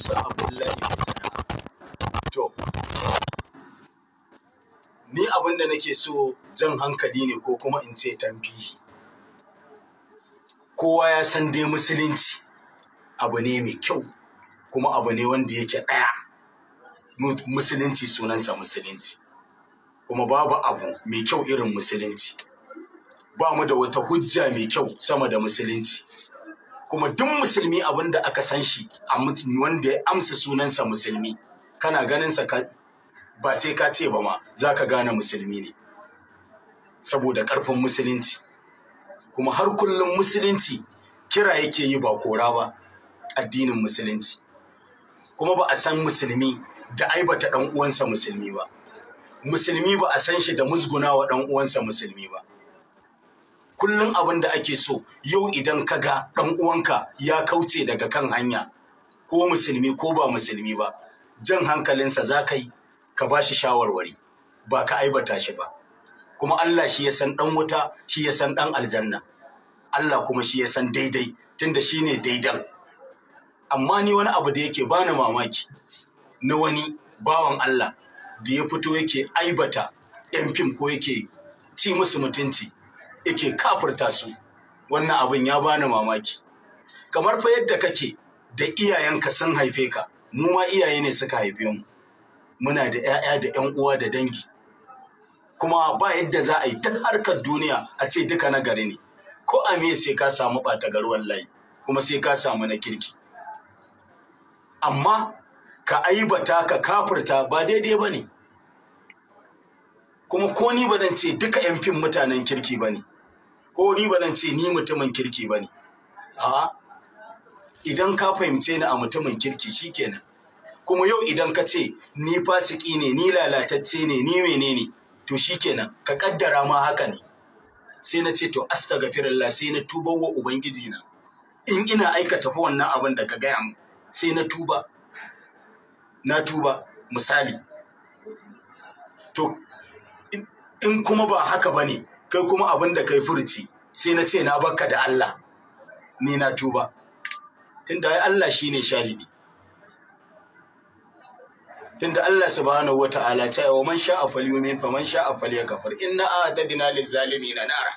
su Abdullahi Masana. To, ni abin da nake so jan hankali ne ko kuma in ce tambihi. Kowa ya san dai musulunci abu ne mai kyau kuma abu ne wanda yake ɗaya. Musulunci sunansa musulunci. Kuma babu abu mai kyau irin musulunci. Ba mu da wata hujja mai kyau sama da musulunci. kuma duk musulmi abin da aka san shi a wanda ya amsa sunansa musulmi kana ganinsa ba sai ka ce ba ma za ka gane musulmi ne saboda ƙarfin musulunci kuma har kullum musulunci kira yake yi ba kora ba addinin musulunci kuma ba a san musulmi da ai aibata ɗan uwansa musulmi ba musulmi ba a san shi da musguna wa ɗan uwansa musulmi ba kullum abin da ake so yau idan ka ga ɗan uwanka ya kauce daga kan hanya ko musulmi ko ba musulmi ba jan hankalinsa za ka yi ka ba shi shawarwari ba ka aibata shi ba kuma Allah shi ya san ɗan wuta shi ya san ɗan aljanna Allah kuma shi ya san daidai tunda shi ne daidan amma ni wani abu da yake bani mamaki na wani bawan Allah da ya fito yake aibata 'yan fim ko yake ci musu mutunci yake kafirta su wannan abin ya bani mamaki kamar fa yadda kake da iyayenka sun haife ka mu ma iyaye ne suka haife mu muna da 'ya'ya da 'yan uwa da dangi kuma ba yadda za a yi duk harkar duniya a ce duka na gari ne ko a me sai ka samu ɓata garuwan layi kuma sai ka samu na kirki amma ka aibata ka kafirta ba daidai ba ne kuma ko ni ba zan ce duka 'yan fin mutanen kirki ba ne ko ni ba zan ce ni mutumin kirki ba ne a idan ka fahimce ni a mutumin kirki shikenan kuma yau idan ka ce ni fasiki ne ni lalatacce ne ni menene to shikenan ka kaddara ma haka ne sai na ce to astaghfirullah sai na tuba wa ubangiji na in ina aikata fa wannan abin da ka gaya mu sai na tuba na tuba misali to in kuma ba haka bane kai kuma abin da kai furci sai na ce na bakka da Allah ni na tuba tunda ai Allah shine shahidi tunda Allah subhanahu wata'ala ta yi wa man sha'a falyumin fa man sha'a falyakfur inna a'tadna lizzalimina nara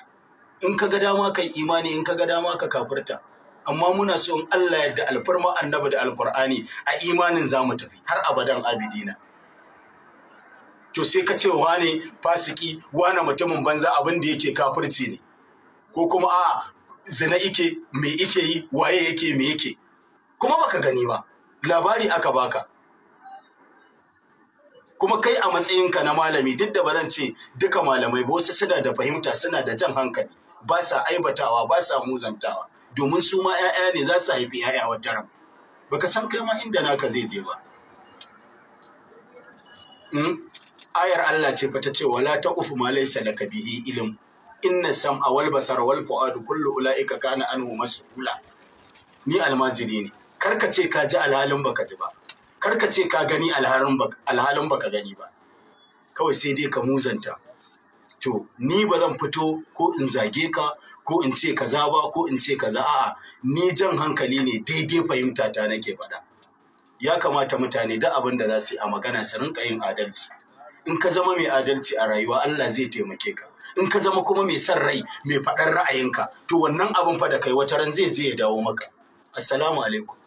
in kaga dama kai imani in kaga dama ka kafirta amma muna so in Allah yadda alfarma annabi da alqur'ani a imanin za mu tafi har abadan abidina to sai ka ce wane fasiki wane mutumin banza abin da yake kafirci ne ko kuma a zina ike me ike yi waye yake me yake kuma baka gani ba labari aka baka kuma kai a matsayinka na malami duk da bazan zan ce duka malamai ba wasu suna da fahimta suna da jan hankali ba sa aibatawa ba sa muzantawa domin su ma 'ya'ya ne za su haifi 'ya'ya wata ran baka san kai ma inda naka zai je ba hmm? ayar Allah ce fa ta ce wala ufu ma laysa laka bihi ilm inna sam'a wal basar wal fu'adu kullu ula'ika kana anhu mas'ula ni almajiri ne karka ce ka ji alhalin baka ji ba karka ce ka gani alhalin baka gani ba kawai sai dai ka muzanta to ni ba zan fito ko in zage ka ko in ce kaza ba ko in ce kaza a'a ni jan hankali ne daidai fahimta ta nake faɗa ya kamata mutane da abin da za su yi a magana su rinka yin adalci in ka zama mai adalci a rayuwa Allah zai taimake ka in ka zama kuma mai son rai mai faɗar ra'ayinka to wannan abin fa da kai wata zai je ya dawo maka assalamu alaikum